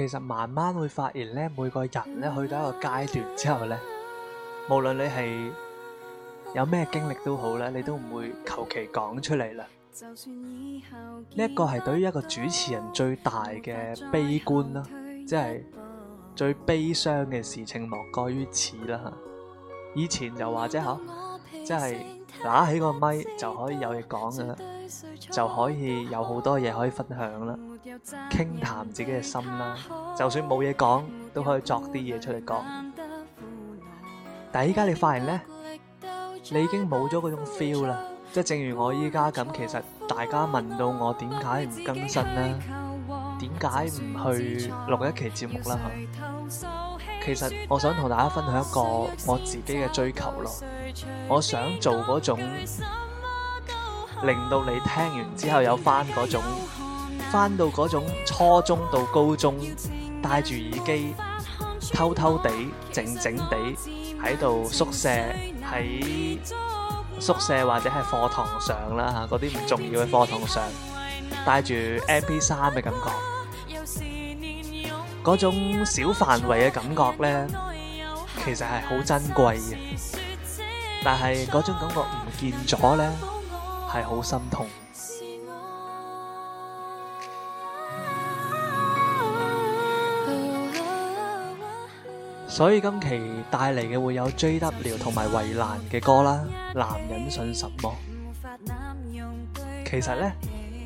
其實慢慢會發現咧，每個人咧去到一個階段之後咧，無論你係有咩經歷都好咧，你都唔會求其講出嚟啦。呢、這、一個係對於一個主持人最大嘅悲觀啦，即係最悲傷嘅事情莫過於此啦。以前就話啫，吓、啊、即係拿起個咪就可以有嘢講噶啦。就可以有好多嘢可以分享啦，傾談自己嘅心啦，就算冇嘢講，都可以作啲嘢出嚟講。但係依家你發現呢，你已經冇咗嗰種 feel 啦，即係正如我依家咁，其實大家問到我點解唔更新咧，點解唔去錄一期節目啦？吓，其實我想同大家分享一個我自己嘅追求咯，我想做嗰種。令到你聽完之後有翻嗰種，翻到嗰種初中到高中，戴住耳機，偷偷地靜靜地喺度宿舍喺宿舍或者係課堂上啦嗰啲唔重要嘅課堂上，戴住 m P 三嘅感覺，嗰種小範圍嘅感覺咧，其實係好珍貴嘅，但係嗰種感覺唔見咗咧。係好心痛， 所以今期帶嚟嘅會有 JW 同埋衛蘭嘅歌啦。男人信什麼？其實咧，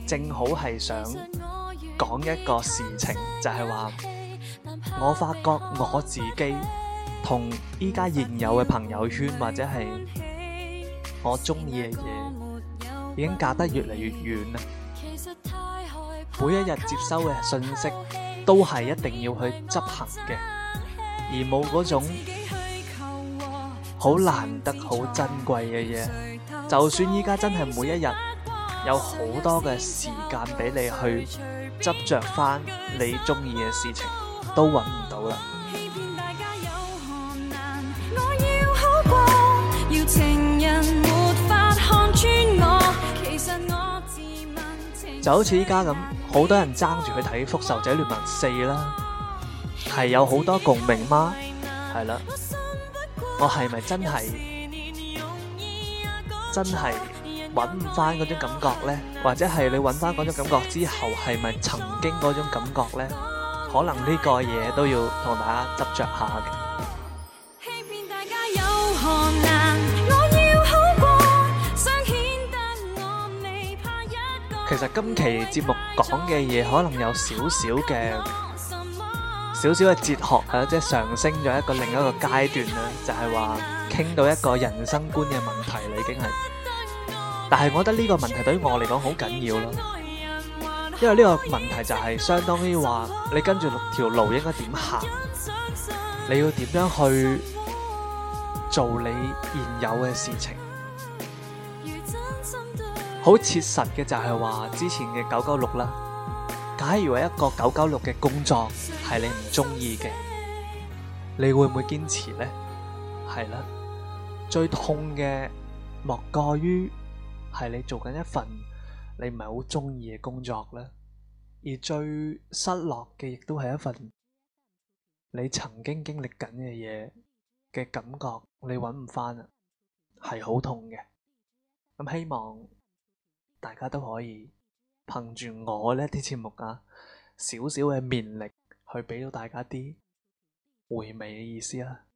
正好係想講一個事情，就係話我發覺我自己同依家現有嘅朋友圈或者係我中意嘅嘢。已經隔得越嚟越遠啦，每一日接收嘅信息都係一定要去執行嘅，而冇嗰種好難得、好珍貴嘅嘢。就算依家真係每一日有好多嘅時間俾你去執着翻你中意嘅事情，都揾唔到啦。就好似依家咁，好多人爭住去睇《復仇者聯盟四》啦，係有好多共鳴嗎？係啦，我係咪真係真係揾唔返嗰種感覺呢？或者係你揾返嗰種感覺之後，係咪曾經嗰種感覺呢？可能呢個嘢都要同大家執著一下嘅。其實今期節目講嘅嘢可能有少少嘅少少嘅哲學，即上升咗一個另一個階段啦，就係話傾到一個人生觀嘅問題啦，你已經係。但係我覺得呢個問題對於我嚟講好緊要咯，因為呢個問題就係相當於話你跟住六條路應該點行，你要點樣去做你現有嘅事情。好切實嘅就係話之前嘅九九六啦。假如一個九九六嘅工作係你唔中意嘅，你會唔會堅持呢？係啦，最痛嘅莫過於係你做緊一份你唔係好中意嘅工作啦。而最失落嘅亦都係一份你曾經經歷緊嘅嘢嘅感覺，你搵唔翻啦，係好痛嘅。咁希望。大家都可以憑住我呢啲節目啊，少少嘅勉力去畀到大家啲回味嘅意思啊～